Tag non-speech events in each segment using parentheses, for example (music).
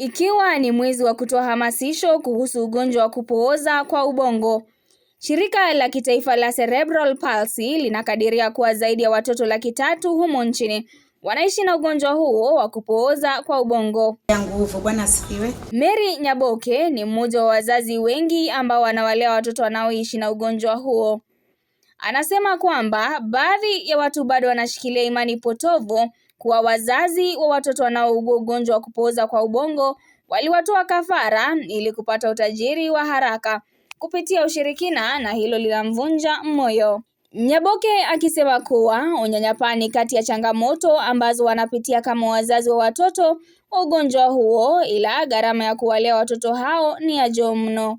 Ikiwa ni mwezi wa kutoa hamasisho kuhusu ugonjwa wa kupooza kwa ubongo. Shirika la kitaifa la Cerebral Palsy linakadiria kuwa zaidi ya watoto laki tatu humo nchini wanaishi na ugonjwa huo wa kupooza kwa ubongo. Nguvu bwana asifiwe. Mary Nyaboke ni mmoja wa wazazi wengi ambao wanawalea watoto wanaoishi na ugonjwa huo. Anasema kwamba baadhi ya watu bado wanashikilia imani potovu kuwa wazazi wa watoto wanaougua ugonjwa wa kupooza kwa ubongo waliwatoa kafara ili kupata utajiri wa haraka kupitia ushirikina na hilo linamvunja moyo. Nyaboke akisema kuwa unyanyapaa ni kati ya changamoto ambazo wanapitia kama wazazi wa watoto ugonjwa huo, ila gharama ya kuwalea watoto hao ni ya juu mno.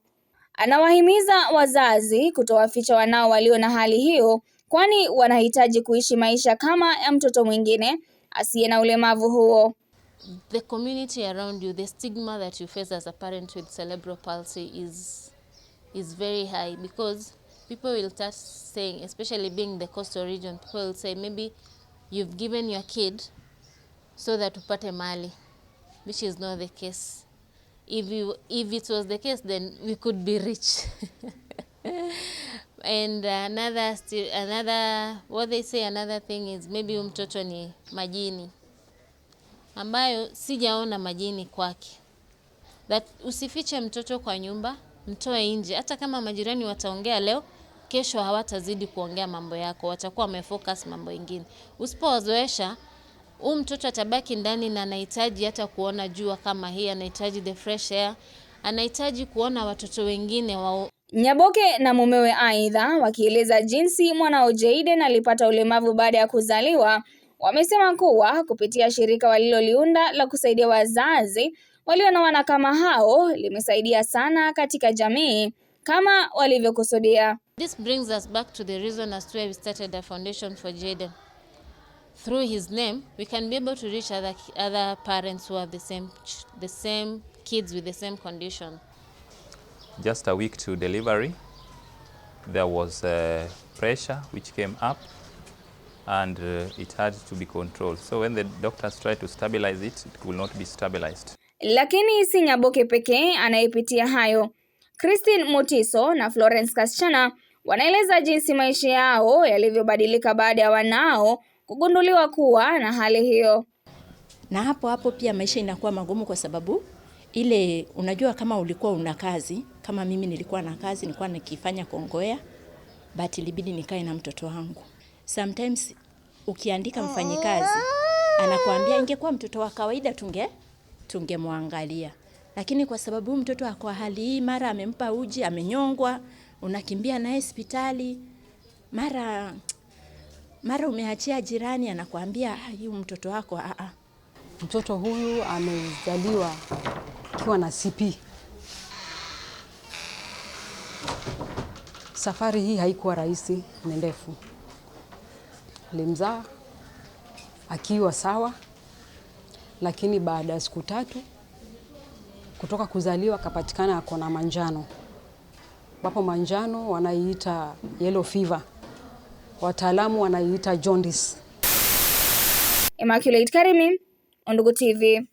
Anawahimiza wazazi kutowaficha wanao walio na hali hiyo, kwani wanahitaji kuishi maisha kama ya mtoto mwingine asiye na ulemavu huo. The community around you, the stigma that you face as a parent with cerebral palsy is is very high because people will start saying, especially being the coastal region, people will say maybe you've given your kid so that upate mali which is not the case. If you if it was the case then we could be rich (laughs) and another still, another what they say another thing is maybe huyu mtoto ni majini ambayo sijaona majini kwake. That usifiche mtoto kwa nyumba, mtoe nje. Hata kama majirani wataongea leo, kesho hawatazidi kuongea mambo yako, watakuwa wamefocus mambo ingine. Usipowazoesha huyu mtoto atabaki ndani, na anahitaji hata kuona jua kama hii, anahitaji the fresh air, anahitaji kuona watoto wengine wao Nyaboke na mumewe aidha wakieleza jinsi mwanao Jayden alipata ulemavu baada ya kuzaliwa. Wamesema kuwa kupitia shirika waliloliunda la kusaidia wazazi walio na wana kama hao limesaidia sana katika jamii kama walivyokusudia. This brings us back to the reason as to why we started the foundation for Jayden. Through his name, we can be able to reach other, other parents who have the same, the same kids with the same condition just a week to delivery, there was a uh, pressure which came up and uh, it had to be controlled. So when the doctors tried to stabilize it, it could not be stabilized. Lakini si Nyaboke pekee anayepitia hayo. Christine Mutiso na Florence Kaschana wanaeleza jinsi maisha yao yalivyobadilika baada ya wanao kugunduliwa kuwa na hali hiyo. Na hapo hapo pia maisha inakuwa magumu kwa sababu ile, unajua kama ulikuwa una kazi kama mimi nilikuwa na kazi nilikuwa nikifanya Kongowea, but ilibidi nikae na mtoto wangu. Sometimes ukiandika mfanyikazi anakuambia, ingekuwa mtoto wa kawaida tunge tungemwangalia, lakini kwa sababu mtoto ako hali hii, mara amempa uji, amenyongwa, unakimbia naye hospitali, mara mara umeachia jirani, anakuambia ah, huyu mtoto wako a ah, a, ah. mtoto huyu amezaliwa akiwa na CP. Safari hii haikuwa rahisi, ni ndefu. Nilimzaa akiwa sawa, lakini baada ya siku tatu kutoka kuzaliwa akapatikana ako na manjano, ambapo manjano wanaiita yellow fever, wataalamu wanaiita jaundice. Immaculate Karimi, Undugu TV.